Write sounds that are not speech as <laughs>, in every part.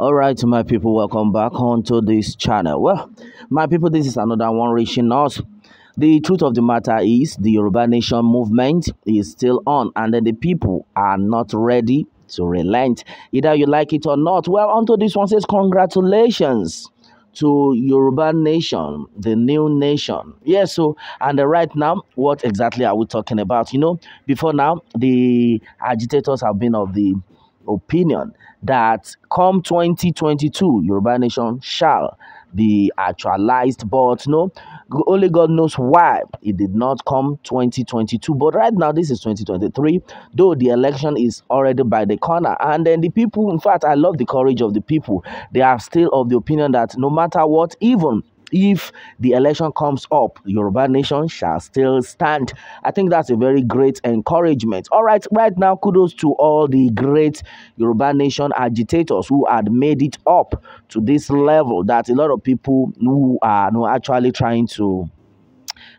all right my people welcome back onto this channel well my people this is another one reaching us the truth of the matter is the Yoruba Nation movement is still on and then the people are not ready to relent either you like it or not well onto this one says congratulations to Yoruba nation, the new nation. Yeah, so, and uh, right now, what exactly are we talking about? You know, before now, the agitators have been of the opinion that come 2022, Yoruba Nation shall be actualized. But no, only God knows why it did not come 2022. But right now, this is 2023, though the election is already by the corner. And then the people, in fact, I love the courage of the people. They are still of the opinion that no matter what, even if the election comes up, Yoruba Nation shall still stand. I think that's a very great encouragement. All right, right now, kudos to all the great Yoruba Nation agitators who had made it up to this level that a lot of people who are you know, actually trying to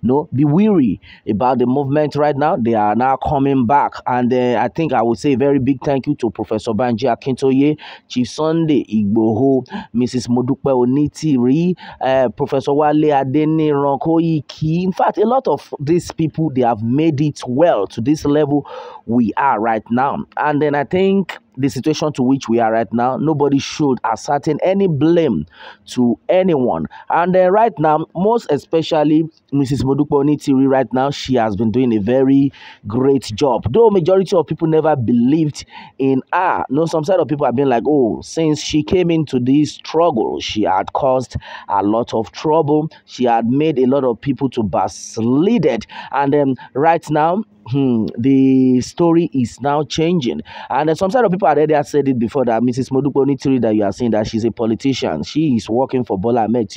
no be weary about the movement right now. They are now coming back. And uh, I think I would say a very big thank you to Professor Banji Akintoye, Chief Sunday Igboho, Mrs. Modupe Onitiri, uh, Professor Wale Adeni Rankoiki. In fact, a lot of these people, they have made it well to this level we are right now. And then I think the situation to which we are right now, nobody should ascertain any blame to anyone. And uh, right now, most especially Mrs. Modupo Onitiri, right now, she has been doing a very great job. Though majority of people never believed in her. No, some side of people have been like, oh, since she came into this struggle, she had caused a lot of trouble. She had made a lot of people to backslided. And um, right now, Hmm, the story is now changing. And uh, some side of people already already said it before that Mrs. Modupo Nitiri that you are saying that she's a politician. She is working for Bola Ahmed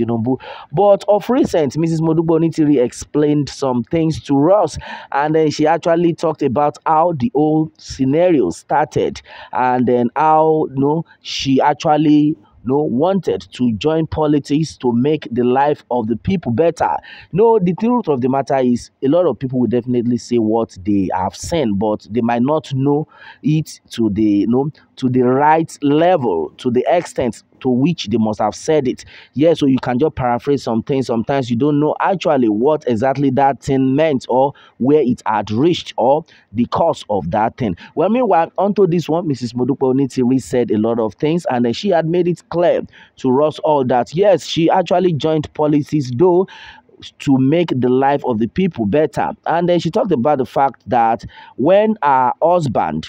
But of recent, Mrs. Modupo Nitiri explained some things to us. And then she actually talked about how the old scenario started. And then how you no, know, she actually no wanted to join politics to make the life of the people better. No, the truth of the matter is a lot of people will definitely say what they have seen, but they might not know it to the you know, to the right level, to the extent to which they must have said it. Yeah, so you can just paraphrase something. Sometimes you don't know actually what exactly that thing meant or where it had reached or the cause of that thing. Well, meanwhile, onto this one, Mrs. Modupe Onitiri said a lot of things and then she had made it clear to us all that, yes, she actually joined policies, though to make the life of the people better. And then she talked about the fact that when her husband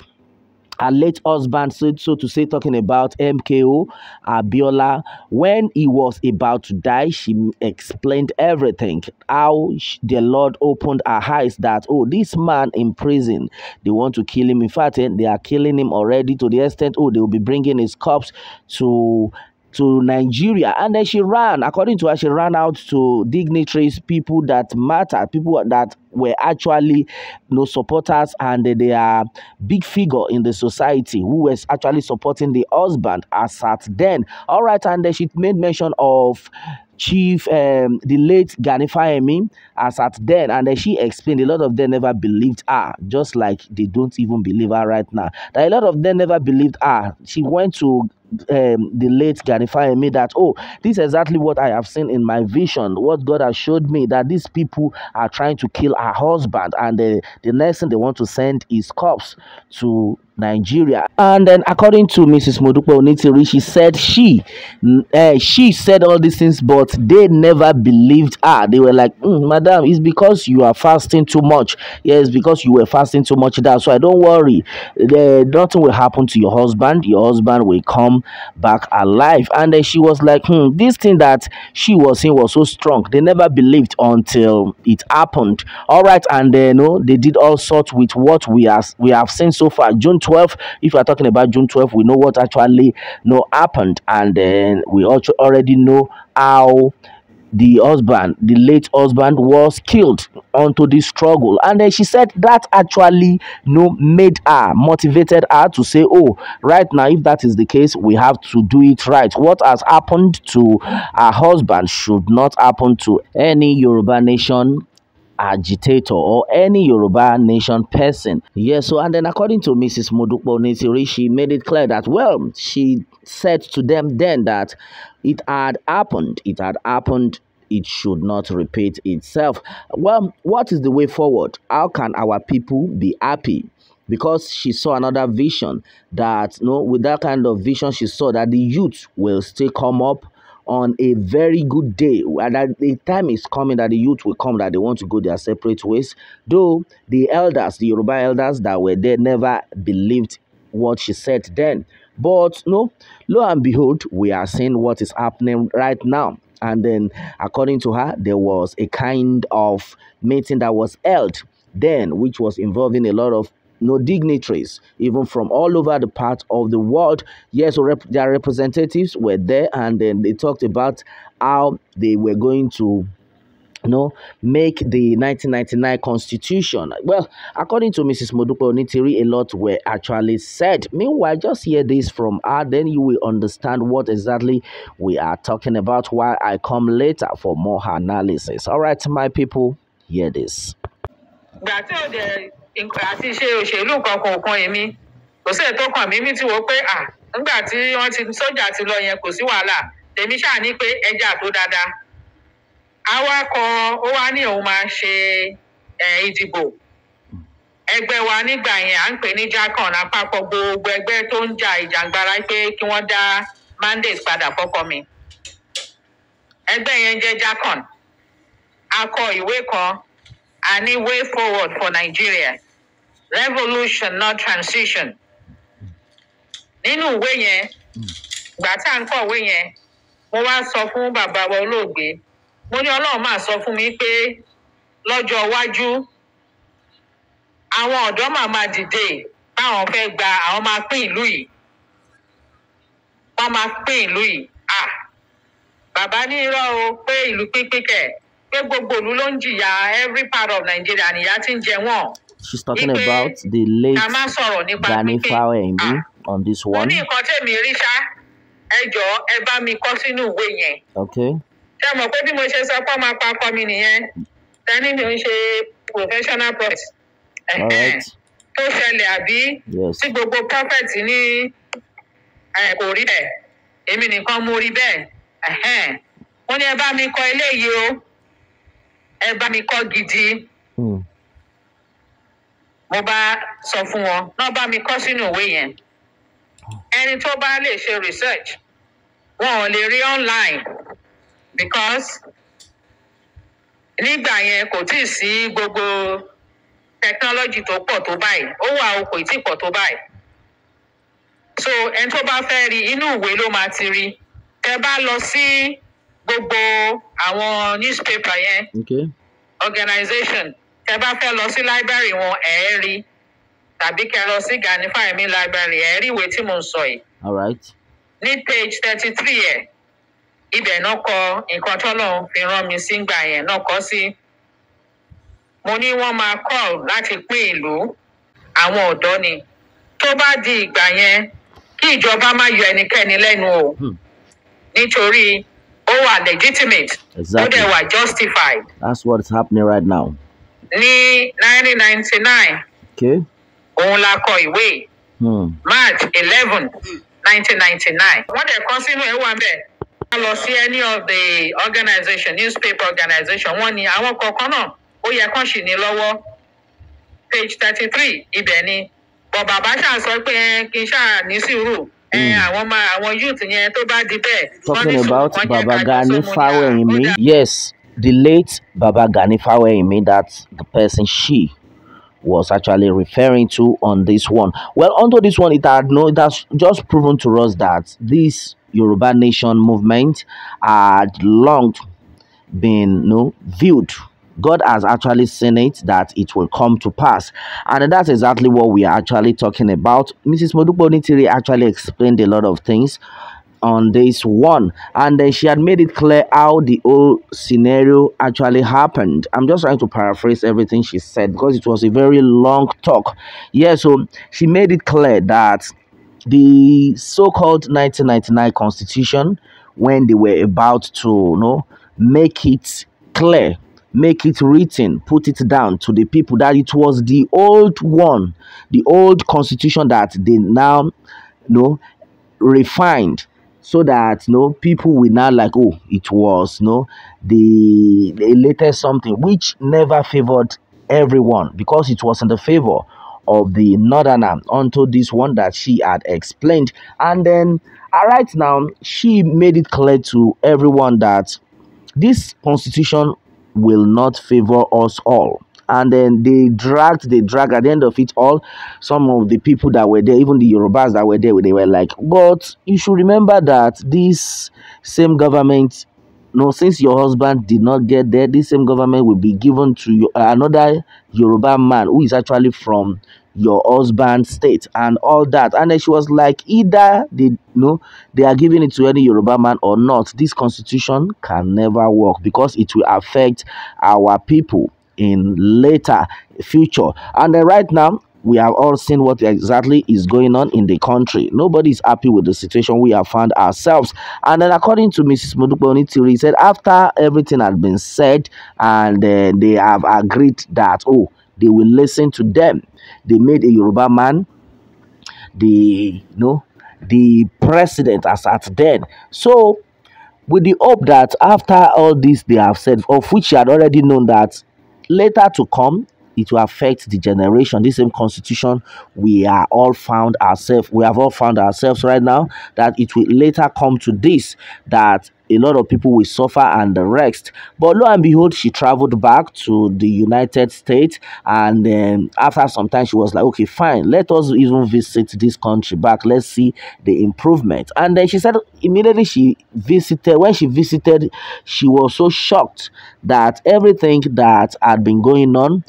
her late husband, said, so to say, talking about MKO Abiola, when he was about to die, she explained everything. How the Lord opened her eyes that, oh, this man in prison, they want to kill him. In fact, eh, they are killing him already to the extent, oh, they will be bringing his corpse to to Nigeria. And then she ran, according to her, she ran out to dignitaries, people that matter, people that were actually you know, supporters and they are big figure in the society who was actually supporting the husband as at then. All right, and she made mention of Chief, um, the late Gani Fahemi, as at then, and then she explained a lot of them never believed her, just like they don't even believe her right now. That a lot of them never believed her. She went to um, the late Gani Fahemi that, oh, this is exactly what I have seen in my vision, what God has showed me, that these people are trying to kill her husband and the, the next thing they want to send is cops to Nigeria. And then, according to Mrs. Modupe Onitiri, she said she uh, she said all these things, but they never believed her. They were like, mm, "Madam, it's because you are fasting too much. Yes, because you were fasting too much. That's why. Don't worry, the, nothing will happen to your husband. Your husband will come back alive." And then she was like, "Hmm, this thing that she was in was so strong. They never believed until it happened. All right, and then no, oh, they did all sorts with what we are we have seen so far. June 12th. If we are talking about June 12th, we know what actually you know, happened, and then we also already know how the husband, the late husband, was killed onto this struggle. And then she said that actually you know, made her, motivated her to say, oh, right now, if that is the case, we have to do it right. What has happened to her husband should not happen to any Yoruba nation agitator or any Yoruba nation person. Yes, so and then according to Mrs. Modupo Nisiri, she made it clear that, well, she said to them then that it had happened. It had happened it should not repeat itself. Well, what is the way forward? How can our people be happy? Because she saw another vision that, you no, know, with that kind of vision, she saw that the youth will still come up on a very good day and that the time is coming that the youth will come that they want to go their separate ways though the elders the yoruba elders that were there never believed what she said then but no lo and behold we are seeing what is happening right now and then according to her there was a kind of meeting that was held then which was involving a lot of no dignitaries, even from all over the part of the world. Yes, rep their representatives were there, and then they talked about how they were going to you know, make the 1999 constitution. Well, according to Mrs. Modupe Onitiri, a lot were actually said. Meanwhile, just hear this from her, then you will understand what exactly we are talking about while I come later for more analysis. All right, my people, hear this. nǹkan àti ṣe òṣèlú nǹkan kan kan èmi kò sí ètò kan mímí tí wọ́n pé à nígbà tí wọ́n ti sójà ti lọ yẹn kò sí wàhálà tèmi ṣáà ní pé ẹja tó dáadáa awakọ ó wá ní òun máa ṣe ìdìbò ẹgbẹ́ wa nígbà yẹn à ń pè ní jákàn lápapọ̀ gbogbo ẹgbẹ́ tó ń ja ìjàngbara pé kí wọ́n dá mandate padà fọ́kọ mi ẹgbẹ́ yẹn jẹ́ jákàn a kọ ìwé kan a ní way forward for Nigeria revolution not transition nínú ìwé yẹn gbà tá à ń kọ̀wé yẹn mo wá sọ fún bàbá wa olóògbé mo ní ọlọ́run máa sọ fún mi pé lọ́jọ́ iwájú àwọn ọ̀dọ́ máa máa dìde táwọn fẹ́ gba àwọn máa pín ìlú yìí wọ́n máa pín ìlú yìí à bàbá ní irọ́ o pé ìlú pínpín kẹ̀ pé gbogbo ìlú ló ń jìyà every part of Nigeria nìyà ti ń jẹ wọ́n she's talking Ipe, about the late Danny Fawemi ah, on this one. ní nǹkan tẹ̀mí rí ṣá ẹ jọ ẹ bá mi kọ́ sínú ìwé yẹn. ṣé mo pé bí mo ṣe sọ pé ọmọ apá ọkọ mi nìyẹn dání mi ń ṣe professional press <laughs> tó ṣẹlẹ̀ àbí tí gbogbo prophet ní kò rí bẹ́ẹ̀ èmi nìkan mo rí bẹ́ẹ̀ wọ́n ní ẹ bá mi kọ́ eléyìí o ẹ bá mi kọ́ gidi. Mm mo bá sọ fún wọn náà bá mi kọ sínú ìwé yẹn ẹni tó bá lè ṣe research wọn ò lè rí online because nígbà yẹn kò tí ì sí gbogbo technology tó pọ̀ tó báyìí ó wà o kò pọ̀ tó báyìí so ẹni tó bá fẹ́ rí inú ìwé ló máa ti rí tẹ́ bá lọ sí gbogbo àwọn newspaper yẹn okay. organization tẹ bá fẹ́ lọ sí library wọn ẹ̀ ẹ́ rí tàbí kẹ́ lọ sí Gani Fáyemí library ẹ̀ rí ìwé tí mo ń sọ yìí. all right. ní page thirty three ẹ̀ ibẹ̀ náà kọ nǹkan tọ́lọ́run fi rán mi sí gbà yẹn náà kọ sí. mo ní wọ́n máa call láti pín ìlú àwọn ọ̀dọ́ ni tó bá di ìgbà yẹn kí ìjọba má yọ ẹnikẹ́ni lẹ́nu o hmm. nítorí ó wà legitimate ó dẹ̀ wà justified. that's what's happening right now ní nineteen ninety nine òun la kọ ìwé hmm. march eleven nineteen ninety nine wọ́n dẹ̀ kọ́ sínú ẹ̀wà bẹ́ẹ̀ wọ́n lọ sí any of the organization newspaper organization wọ́n ní àwọn kọ̀ọ̀kan náà ó yẹ kán sì ní lọ́wọ́ page thirty three ibẹ̀ ni bọ̀ bàbá ṣáà sọ pé kí n ṣáà ní sùúrù hmm. àwọn ọmọ àwọn youth yẹn tó bá di bẹ́ẹ̀. talking about baba gani fawẹ̀yìnmí yes The late Baba Gani Fawehimi, that the person she was actually referring to on this one. Well, onto this one, it had no, it has just proven to us that this Yoruba nation movement had long been you know, viewed. God has actually seen it that it will come to pass. And that's exactly what we are actually talking about. Mrs. Modukbo actually explained a lot of things on this one and then she had made it clear how the whole scenario actually happened i'm just trying to paraphrase everything she said because it was a very long talk yeah so she made it clear that the so-called 1999 constitution when they were about to you know make it clear make it written, put it down to the people that it was the old one, the old constitution that they now you know refined so that you know people will not like oh it was you know the, the latest something which never favored everyone because it was in the favor of the northerner unto this one that she had explained and then all uh, right now she made it clear to everyone that this constitution will not favor us all and then they dragged they dragged at the end of it all some of the people that were there even the yorubas that were there they were like but you should remember that this same government no since your husband did not get there this same government will be given to uh, another yoruba man who is actually from your husband's state and all that and then she was like either they you know they are giving it to any yoruba man or not this constitution can never work because it will affect our people in later future. And uh, right now, we have all seen what exactly is going on in the country. Nobody is happy with the situation we have found ourselves. And then according to Mrs. Modukboni she said after everything had been said and uh, they have agreed that, oh, they will listen to them. They made a Yoruba man the, you know, the president as at then. So, with the hope that after all this they have said, of which you had already known that later to come it will affect the generation. This same constitution we are all found ourselves, we have all found ourselves right now, that it will later come to this that a lot of people will suffer and rest. But lo and behold, she traveled back to the United States, and after some time, she was like, "Okay, fine, let us even visit this country back. Let's see the improvement." And then she said immediately she visited. When she visited, she was so shocked that everything that had been going on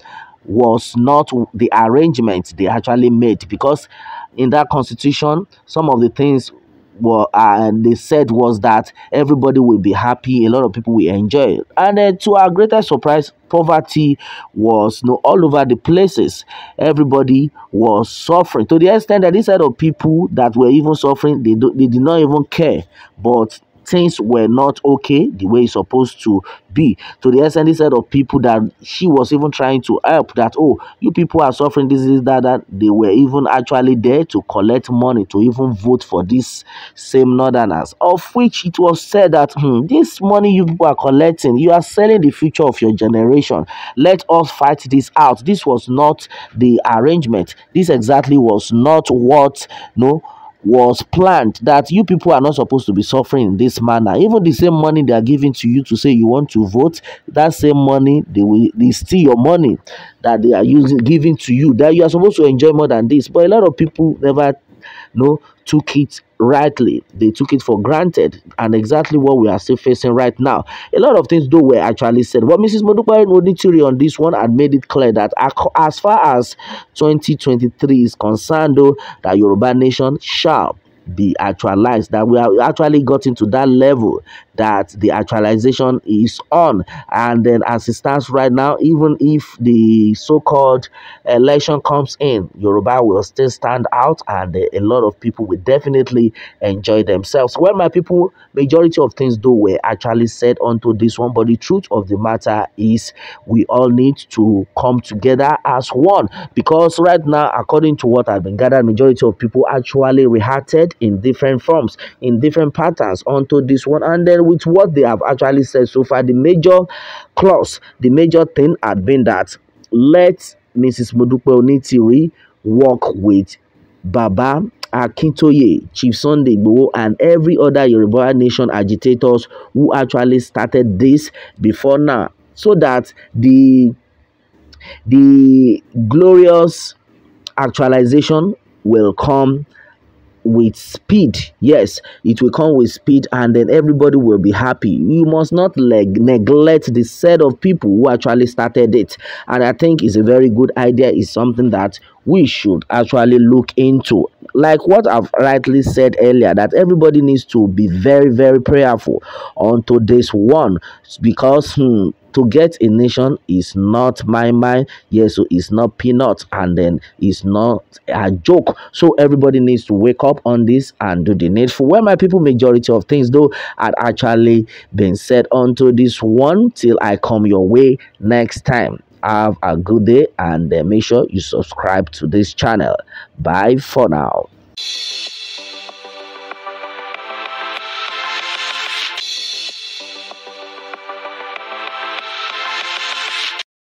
was not the arrangement they actually made because in that constitution some of the things well, and they said was that everybody will be happy, a lot of people will enjoy it. And then to our greatest surprise, poverty was you know, all over the places. Everybody was suffering to the extent that these of people that were even suffering, they, do, they did not even care. But things were not okay the way it's supposed to be. To the S N D said of people that she was even trying to help, that, oh, you people are suffering this, is that, that. They were even actually there to collect money to even vote for this same northerners, of which it was said that, hmm, this money you people are collecting, you are selling the future of your generation. Let us fight this out. This was not the arrangement. This exactly was not what, no, was planned that you people are not supposed to be suffering in this manner. Even the same money they are giving to you to say you want to vote, that same money they will they steal your money that they are using giving to you that you are supposed to enjoy more than this. But a lot of people never know took it rightly. They took it for granted, and exactly what we are still facing right now. A lot of things, though, were actually said. But Mrs. Modukwa Modituri on this one and made it clear that as far as 2023 is concerned, though, that Yoruba Nation shall be actualized, that we have actually gotten to that level that the actualization is on. And then, as it stands right now, even if the so called election comes in, Yoruba will still stand out, and a lot of people will definitely enjoy themselves. Well, my people, majority of things, though, were actually said onto this one, but the truth of the matter is we all need to come together as one because right now, according to what I've been gathered, majority of people actually reacted in different forms, in different patterns onto this one. And then with what they have actually said so far, the major clause, the major thing had been that let Mrs. Modupe Onitiri work with Baba Akintoye, Chief Sunday Bo, and every other Yoruba Nation agitators who actually started this before now, so that the the glorious actualization will come with speed yes it will come with speed and then everybody will be happy you must not leg- neglect the set of people who actually started it and i think it's a very good idea it's something that we should actually look into like what i've rightly said earlier that everybody needs to be very very prayerful on this one because hmm, to get a nation is not my mind yes so it's not peanuts, and then it's not a joke so everybody needs to wake up on this and do the needful where my people majority of things though had actually been said onto this one till i come your way next time have a good day and make sure you subscribe to this channel bye for now